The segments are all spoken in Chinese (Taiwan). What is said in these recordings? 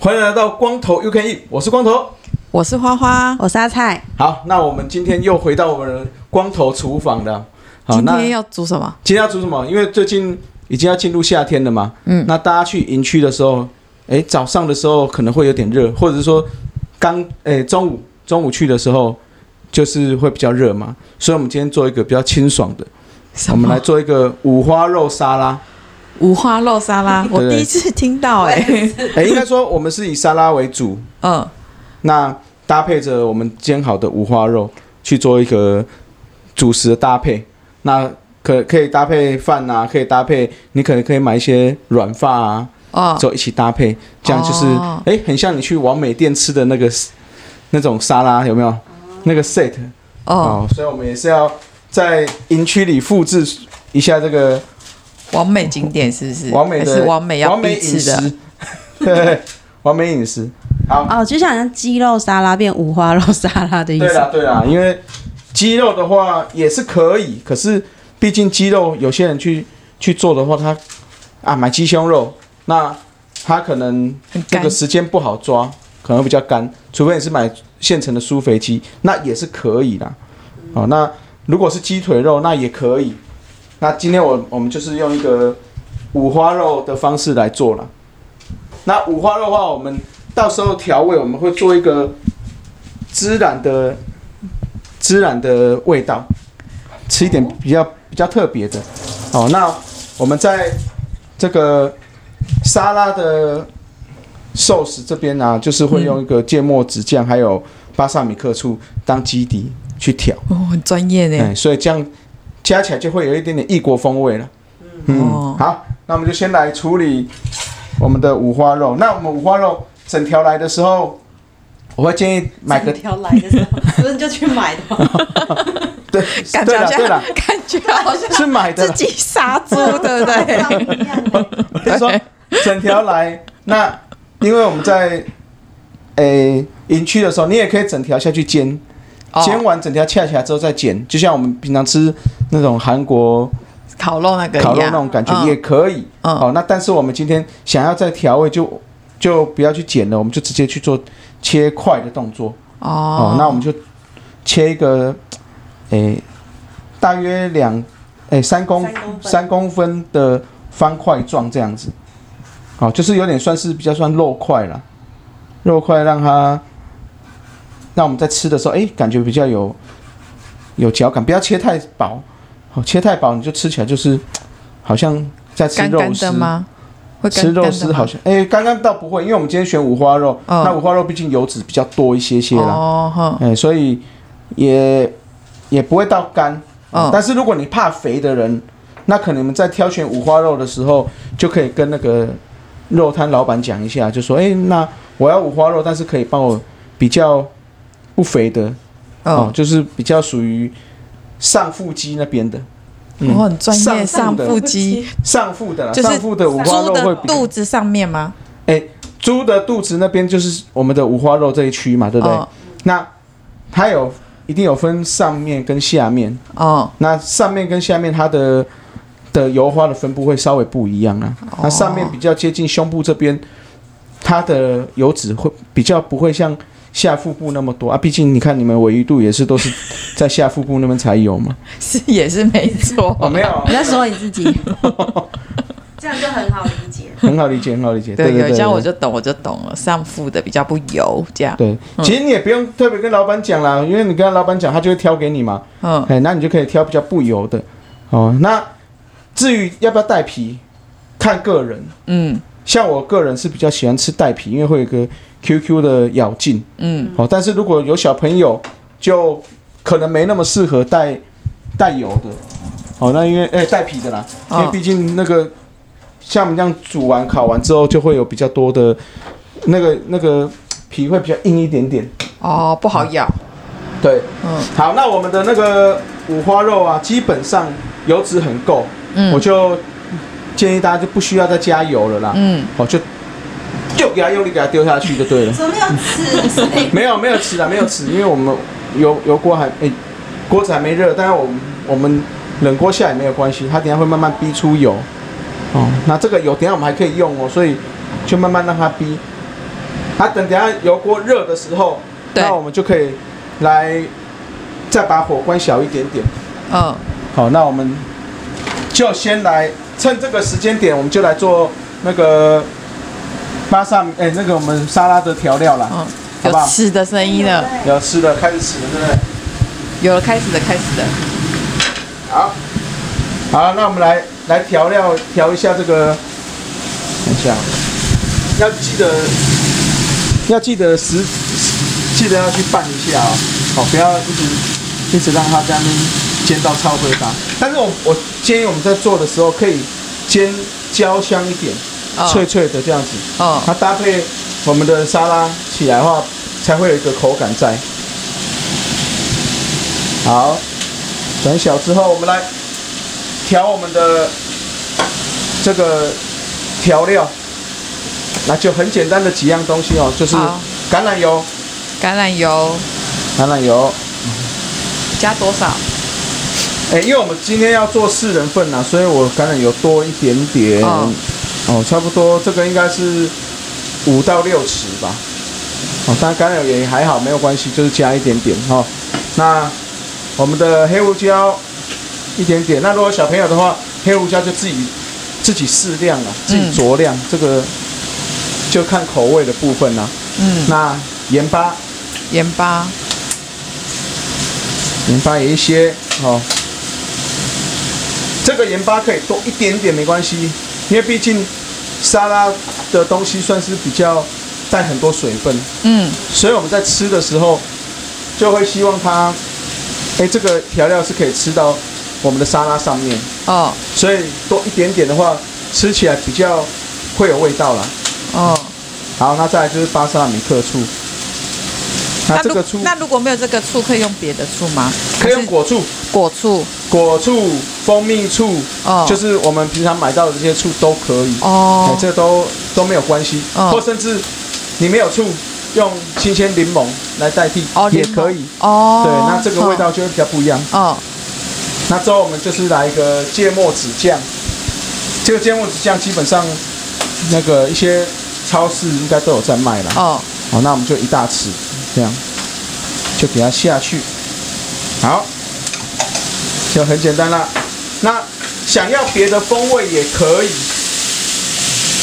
歡迎來到光頭悠 CampEat，我是光頭，我是花花，我是阿蔡。好，那我們今天又回到我們的光頭廚房的。好，那今天要煮什麼？今天要煮什麼？因為最近已經要進入夏天了嘛。嗯。那大家去營區的時候，哎，早上的時候可能會有點熱，或者是說剛哎中午中午去的時候就是會比較熱嘛。所以，我們今天做一個比較清爽的。什麼？我們來做一個五花肉沙拉。五花肉沙拉，對對，我第一次聽到哎、欸、哎，應該說我們是以沙拉為主。嗯。那搭配着我們煎好的五花肉去做一個主食的搭配。那可可以搭配飯啊，可以搭配，你可能可以買一些軟飯啊，哦，就一起搭配，這樣就是，哎、oh. 欸，很像你去網美店吃的那個那種沙拉，有沒有？那個 set。哦、oh. oh，所以我們也是要在營區裡複製一下這個網、oh. 美景點，是不是？網美的。是網美要必吃的。對，網 美飲食。好。Oh, 就像像雞肉沙拉變五花肉沙拉的意思。對啊，對啊，因為。雞肉的話也是可以，可是畢竟雞肉有些人去去做的話他，他啊買雞胸肉，那他可能這個時間不好抓，可能比較乾，除非你是買現成的舒肥雞，那也是可以的。哦，那如果是雞腿肉，那也可以。那今天我我們就是用一個五花肉的方式來做了。那五花肉的話，我們到時候調味我們會做一個孜然的。孜然的味道，吃一點比較比較特別的，哦，那我們在這個沙拉的醬汁這邊呢、啊，就是會用一個芥末籽醬，還有巴薩米克醋當基底去調。哦，很專業呢、嗯。所以這樣加起來就會有一點點異國風味了。嗯，好，那我們就先來處理我們的五花肉。那我們五花肉整條來的時候。我會建議買個整條來的時候，所以你就去買的嗎？ 對，感覺好像，感覺好像自己殺豬 的殺， 對，不對。就 說整條來， 那因為我們在誒、 欸、營區的時候，你也可以整條下去煎，哦、煎完整條切起來之後再剪，就像我們平常吃那種韓國烤肉那個烤肉那種感覺，嗯種感覺嗯、也可以。嗯、哦，那但是我們今天想要再調味就，就就不要去剪了，我們就直接去做。切塊的動作、oh. 哦，那我們就切一個，哎、欸，大約兩哎、欸、三公三公，三公分的方塊狀這樣子，好、哦，就是有點算是比較算肉塊了，肉塊讓它，讓我們在吃的時候，哎、欸，感覺比較有有嚼感，不要切太薄，哦，切太薄你就吃起來就是好像在吃肉絲嗎？吃肉絲好像，哎，剛剛、欸、倒不會，因為我們今天選五花肉，oh. 那五花肉畢竟油脂比較多一些些啦，哎、oh. 欸，所以也也不會到乾。Oh. 但是如果你怕肥的人，那可能你們在挑選五花肉的時候，就可以跟那個肉攤老闆講一下，就說，哎、欸，那我要五花肉，但是可以幫我比較不肥的，哦、oh. 喔，就是比較屬於上腹肌那邊的。我很專業，上腹的上腹的，上腹的五花肉會肚子上面嗎？誒、欸，豬的肚子那邊就是我們的五花肉這一區嘛，哦、對不對？那它有一定有分上面跟下面哦。那上面跟下面它的它的油花的分布會稍微不一樣啊。那上面比較接近胸部這邊，它的油脂會比較不會像。下腹部那麼多啊，畢竟你看你們鮪魚肚也是都是在下腹部那邊才有嘛，是 也是沒錯、啊。哦，沒有，你在說你自己， 這樣就很好理解， 很好理解，很好理解。對，有這樣我就懂，我就懂了。上腹的比較不油，這樣對。其實你也不用特別跟老闆講啦，因為你跟他老闆講，他就會挑給你嘛。嗯，哎，那你就可以挑比較不油的。哦，那至於要不要帶皮，看個人。嗯。像我個人是比較喜歡吃帶皮，因為會有一個 QQ 的咬勁。嗯。好、哦，但是如果有小朋友，就可能沒那麼適合帶帶油的。好、哦，那因為誒帶、欸，皮的啦，哦、因為畢竟那個像我們這樣煮完烤完之後，就會有比較多的，那個那個皮會比較硬一點點。哦，不好咬。對。嗯。好，那我們的那個五花肉啊，基本上油脂很夠。嗯。我就。建議大家就不需要再加油了啦。嗯。哦，就，就，給它用力給它丟下去就對了。沒有吃。 沒有沒有吃的，沒有吃，因為我們油油鍋還誒，鍋子還沒熱，但是我們我們冷鍋下也沒有關係，它等下會慢慢逼出油。哦。那這個油等下我們還可以用哦，所以就慢慢讓它逼。啊，等等下油鍋熱的時候，對。那我們就可以來再把火關小一點點。嗯、哦。好，那我們就先來。趁這個時間點，我們就來做那個巴沙，哎、欸，那個我們沙拉的調料了，好、哦、有吃的聲音了，有吃的，開始吃了對不對？有了，開始的，開始的。好，好，那我們來來調料調一下這個，等一下、哦，要記得要記得食，記得要去拌一下啊、哦，好、哦，不要一直一直讓它這樣。煎到超揮發，但是我我建議我們在做的時候可以煎焦香一點，oh. 脆脆的這樣子，它、oh. 搭配我們的沙拉起來的話，才會有一個口感在。好，轉小之後，我們來調我們的這個調料，那就很簡單的幾樣東西哦，就是橄欖油、oh. 橄欖油，橄欖油，橄欖油，加多少？欸、因為我們今天要做四人份呐、啊，所以我橄欖油多一點點。Oh. 哦，差不多，這個應該是五到六十吧。哦，當然橄欖油也還好，沒有關係，就是加一點點哈、哦。那我們的黑胡椒一點點。那如果小朋友的話，黑胡椒就自己自己適量啊，自己酌量、嗯，這個就看口味的部分、啊、嗯。那鹽巴。鹽巴。鹽巴有一些，哦這個鹽巴可以多一點點沒關係，因為畢竟沙拉的東西算是比較帶很多水分，嗯，所以我們在吃的時候就會希望它，哎、欸，這個調料是可以吃到我們的沙拉上面，哦，所以多一點點的話，吃起來比較會有味道啦。哦，好，那再來就是巴沙拉米克醋。那這個醋，那如果沒有這個醋，可以用別的醋嗎？可以用果醋。果醋、果醋、蜂蜜醋，哦，就是我們平常買到的這些醋都可以。哦，這個、都都沒有關係。哦，或甚至你沒有醋，用新鮮檸檬來代替、哦、也可以。哦，對，那這個味道就會比較不一樣。哦，那之後我們就是來一個芥末籽醬。這個芥末籽醬基本上那個一些超市應該都有在賣了。哦，好，那我們就一大匙。這樣就給它下去，好，就很簡單了。那想要別的風味也可以，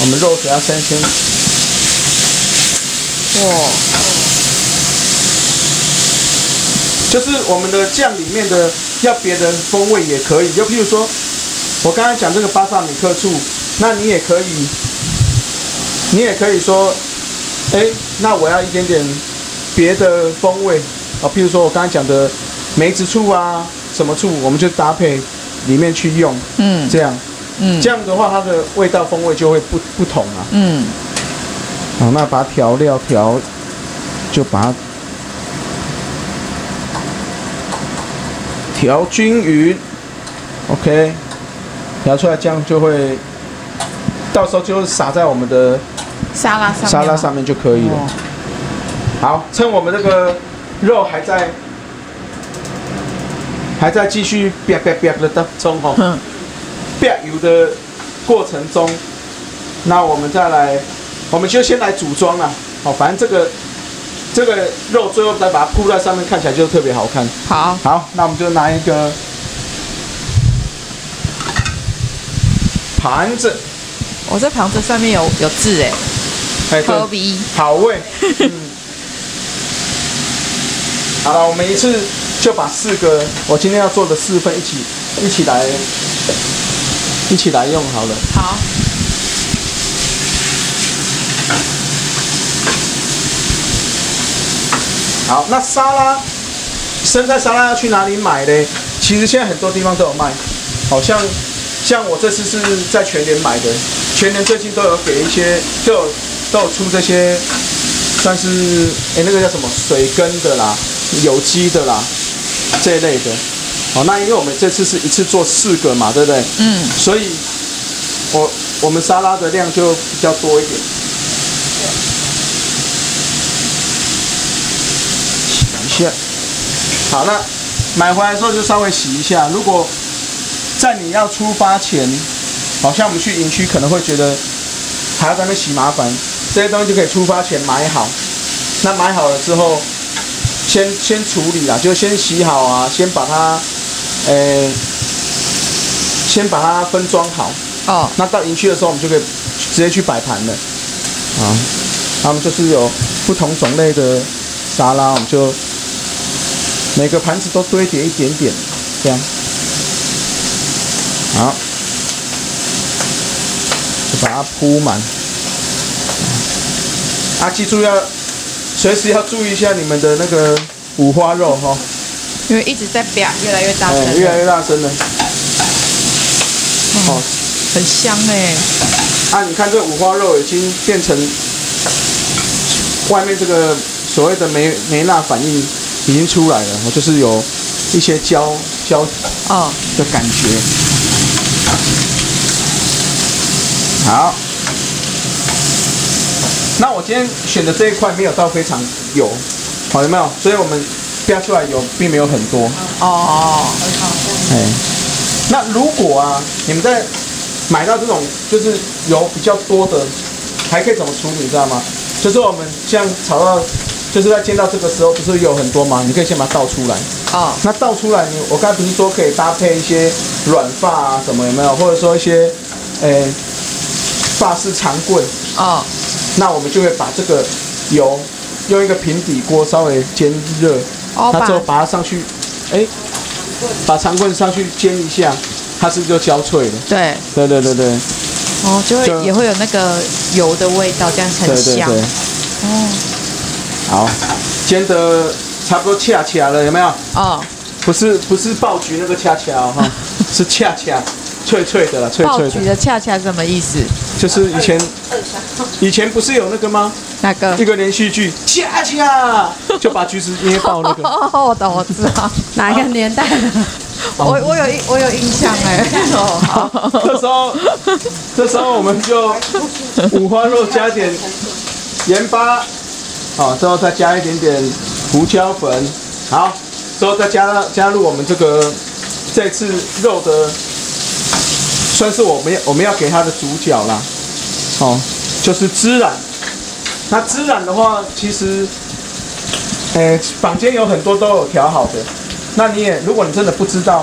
我們肉只要三千哦，就是我們的醬裡面的要別的風味也可以，就譬如說，我剛剛講這個巴薩米克醋，那你也可以，你也可以說，哎，那我要一點點。別的風味啊，譬如說我剛才講的梅子醋啊，什麼醋，我們就搭配裡面去用，嗯，這樣，嗯，這樣的話它的味道風味就會不不同了啊，嗯，好，那把調料調，就把它調均勻，OK，調出來這樣就會，到時候就會撒在我們的沙拉上面沙拉上面就可以了。哦好，趁我們這個肉還在，還在繼續煸煸煸的當中哈，煸、嗯、油的過程中，那我們再來，我們就先來組裝啦。好、哦，反正這個這個肉最後再把它鋪在上面，看起來就特別好看。好，好，那我們就拿一個盤子。我、哦、這盤子上面有有字哎，好、欸、味。嗯 好了，我們一次就把四個我今天要做的四份一起一起來一起來用好了。好。好，那沙拉，生菜沙拉要去哪裡買呢？其實現在很多地方都有賣，好像像我這次是在全聯買的，全聯最近都有給一些，都有都有出這些算是哎、欸、那個叫什麼水根的啦。有機的啦，這一類的，好、哦、那因為我們這次是一次做四個嘛，對不對？嗯。所以，我我們沙拉的量就比較多一點。洗一下，好，那買回來之後就稍微洗一下。如果在你要出發前，好、哦、像我們去營區可能會覺得還要在那邊洗麻煩，這些東西就可以出發前買好。那買好了之後。先先處理啊，就先洗好啊，先把它，誒、欸，先把它分裝好。啊、oh.，那到營區的時候，我們就可以直接去擺盤了。啊。他們就是有不同種類的沙拉，我們就每個盤子都堆疊一點點，這樣。好。就把它鋪滿。啊，記住要。隨時要注意一下你們的那個五花肉哈，因為一直在飆，越來越大聲，越來越大聲了。哦，很香哎！啊，你看這五花肉已經變成外面這個所謂的梅梅納反應已經出來了、哦，就是有一些焦焦啊的感覺。好。那我今天選的這一塊沒有到非常油，好有沒有？所以我們標出來油並沒有很多。哦很好，哦很好。欸、那如果啊，你們在買到這種就是油比較多的，還可以怎麼處理你知道嗎？就是我們像炒到，就是在煎到這個時候，不是有很多嗎？你可以先把它倒出來。啊、哦。那倒出來你，我剛才不是說可以搭配一些軟法啊什麼有沒有？或者說一些，哎、欸，法式長棍。啊、哦。那我們就會把這個油用一個平底鍋稍微煎熱，然、oh, 後把它上去，哎、欸，把長棍上去煎一下，它是不是就焦脆了？對對對對對。哦、oh,，就會也會有那個油的味道，這樣才香。對哦，oh. 好，煎得差不多恰起來了，有沒有？哦、oh.。不是不是爆菊那個恰恰哈、哦， 是恰恰。脆脆的了，脆脆的。橘子恰恰什麼意思？就是以前，以前不是有那個嗎？哪個？一個連續劇，恰恰就把橘子捏爆那個。哦，我懂，我知道。哪一個年代的？我我有我有印象哎。這時候，這時候我們就五花肉加一點鹽巴，好，之後再加一點點胡椒粉，好，之後再加加入我們這個這次肉的。算是我們我們要給它的主角啦，哦、oh.，就是孜然。那孜然的話，其實，誒、欸，坊間有很多都有調好的。那你也，如果你真的不知道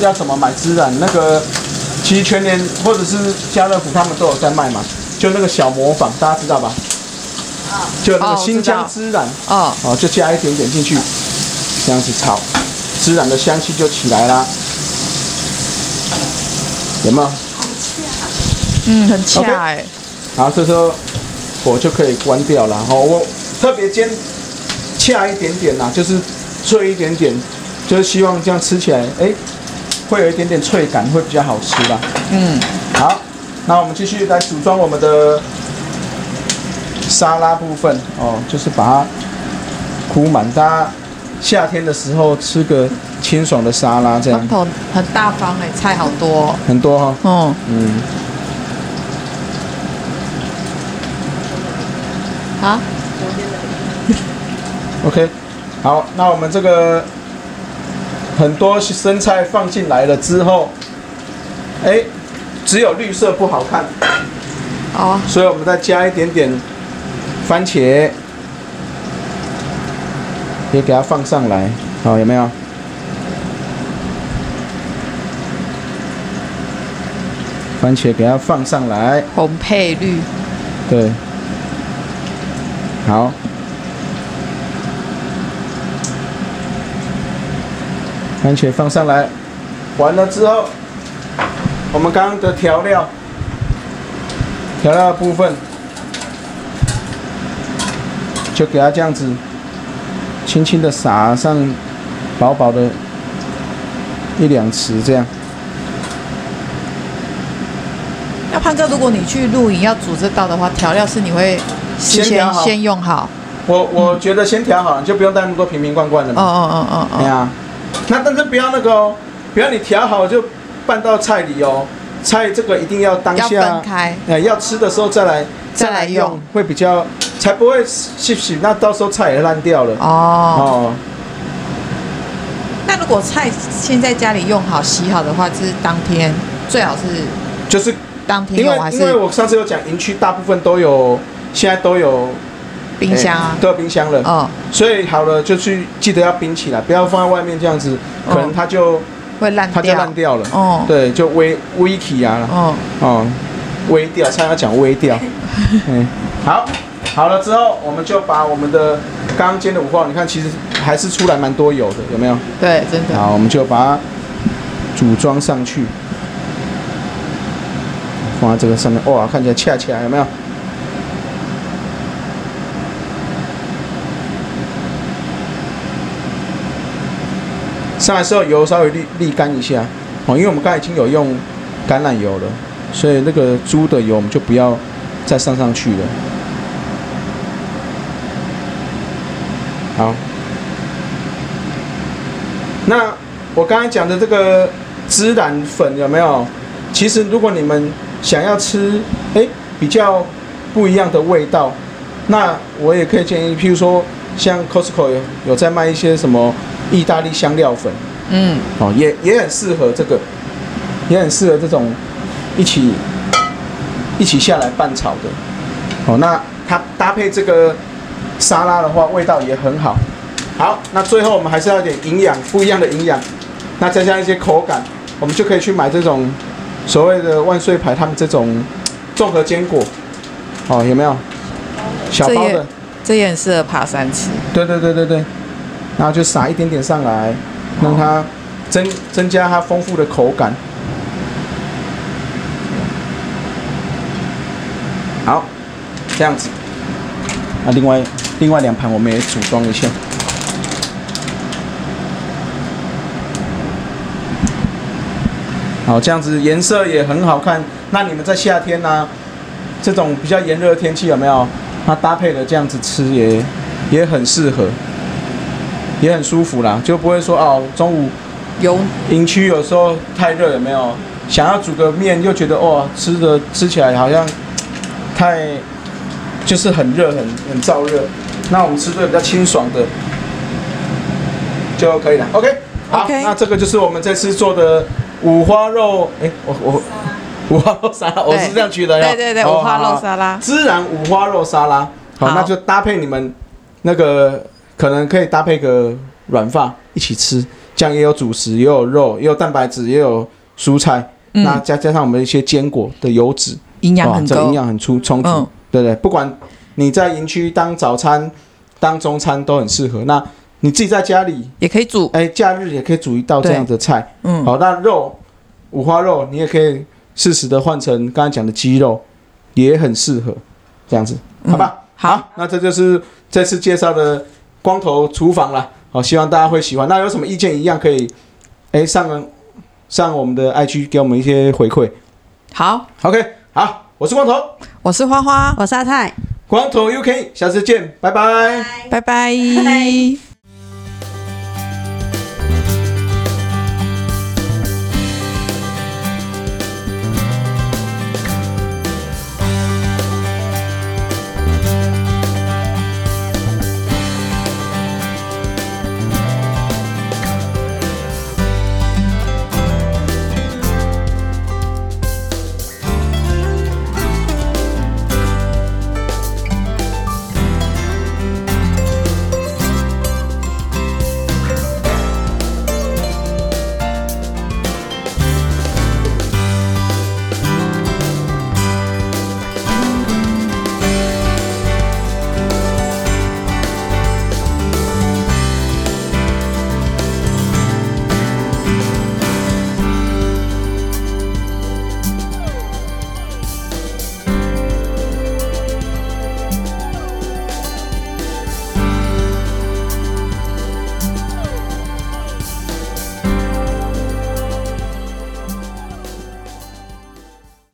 要怎麼買孜然，那個其實全聯或者是家樂福他們都有在賣嘛，就那個小磨坊，大家知道吧？Uh. 就那個新疆孜然，哦、uh.，就加一點點進去，這樣子炒，孜然的香氣就起來啦。有嗎？恰，嗯，很恰哎。好，這時候火就可以關掉了。吼，我特別煎恰一點點吶，就是脆一點點，就是希望這樣吃起來，哎，會有一點點脆感，會比較好吃吧。嗯。好，那我們繼續來組裝我們的沙拉部分哦，就是把它鋪滿。大家夏天的時候吃個。清爽的沙拉這樣，很大方哎，菜好多，很多哈、哦，嗯嗯，好，OK，好，那我們這個很多生菜放進來了之後，哎、欸，只有綠色不好看，哦，所以我們再加一點點番茄，也給它放上來，好、哦，有沒有？番茄給它放上來，紅配綠，對，好，番茄放上來，完了之後，我們剛剛的調料，調料的部分就給它這樣子，輕輕的撒上薄薄的一兩匙這樣。胖哥，如果你去露營要煮這道的話，調料是你會先先，先用好。我我覺得先調好，你就不用帶那麼多瓶瓶罐罐的嘛。哦哦哦哦哦，對啊。那但是不要那個哦，不要你調好就拌到菜裡哦。菜這個一定要當下要分開，呃、啊，要吃的時候再來再來用，會比較才不會是不吸，那到時候菜也爛掉了。哦。哦。那如果菜先在家裡用好洗好的話，就是當天最好是就是。當還是因為因為我上次有講，營區大部分都有，現在都有冰箱啊、欸，都有冰箱了。哦，所以好了，就去記得要冰起來，不要放在外面這樣子，可能它就、嗯、會爛掉，它就爛掉了。哦，對，就微微起啊。哦哦，微掉，菜要講微掉。嗯、 欸，好，好了之後，我們就把我們的剛剛煎的五花肉，你看其實還是出來蠻多油的，有沒有？對，真的。好，我們就把它組裝上去。哇，這個上面哇，看起來恰恰，有沒有？上來時候油稍微瀝瀝乾一下，哦，因為我們剛才已經有用橄欖油了，所以那個豬的油我們就不要再上上去了。好，那我剛才講的這個孜然粉有沒有？其實如果你們。想要吃欸，比較不一樣的味道，那我也可以建議，譬如說像 Costco 有，有在賣一些什麼意大利香料粉，嗯，哦也也很適合這個，也很適合這種一起一起下來拌炒的，哦那它搭配這個沙拉的話味道也很好。好，那最後我們還是要點營養不一樣的營養，那再加上一些口感，我們就可以去買這種。所謂的萬歲牌，他們這種綜合堅果，哦，有沒有小包的？這也很適合爬山吃。對對對對對，然後就撒一點點上來，讓它增增加它豐富的口感。好，這樣子。那另外另外兩盤我們也組裝一下。好、哦，這樣子顏色也很好看。那你們在夏天呢，啊，這種比較炎熱的天氣有沒有，搭配的這樣子吃也也很適合，也很舒服啦，就不會說哦，中午營營區有時候太熱有沒有，想要煮個麵又覺得哦，吃的吃起來好像太，就是很熱很很燥熱。那我們吃這個比較清爽的就可以了。OK，好，okay. 那這個就是我們這次做的。五花肉，哎、欸，我我五花肉沙拉，我是這樣取的呀。對對對，五花肉沙拉，孜、哦、然五花肉沙拉好。好，那就搭配你們那個，可能可以搭配個軟飯一起吃，這樣也有主食，也有肉，也有蛋白質，也有蔬菜。嗯、那加加上我們一些堅果的油脂，營養很重營養很充足。嗯、對,對對，不管你在營區當早餐、當中餐都很適合。那你自己在家裡也可以煮誒，假日也可以煮一道這樣的菜，嗯，好、哦，那肉五花肉，你也可以適時的換成剛才講的雞肉，也很適合，這樣子，嗯、好吧好好。好，那這就是這次介紹的光頭廚房了，好、哦，希望大家會喜歡。那有什麼意見，一樣可以，哎，上上我們的 IG 給我們一些回饋。好，OK，好，我是光頭，我是花花，我是阿泰，光頭 UK，下次見，拜拜，拜拜。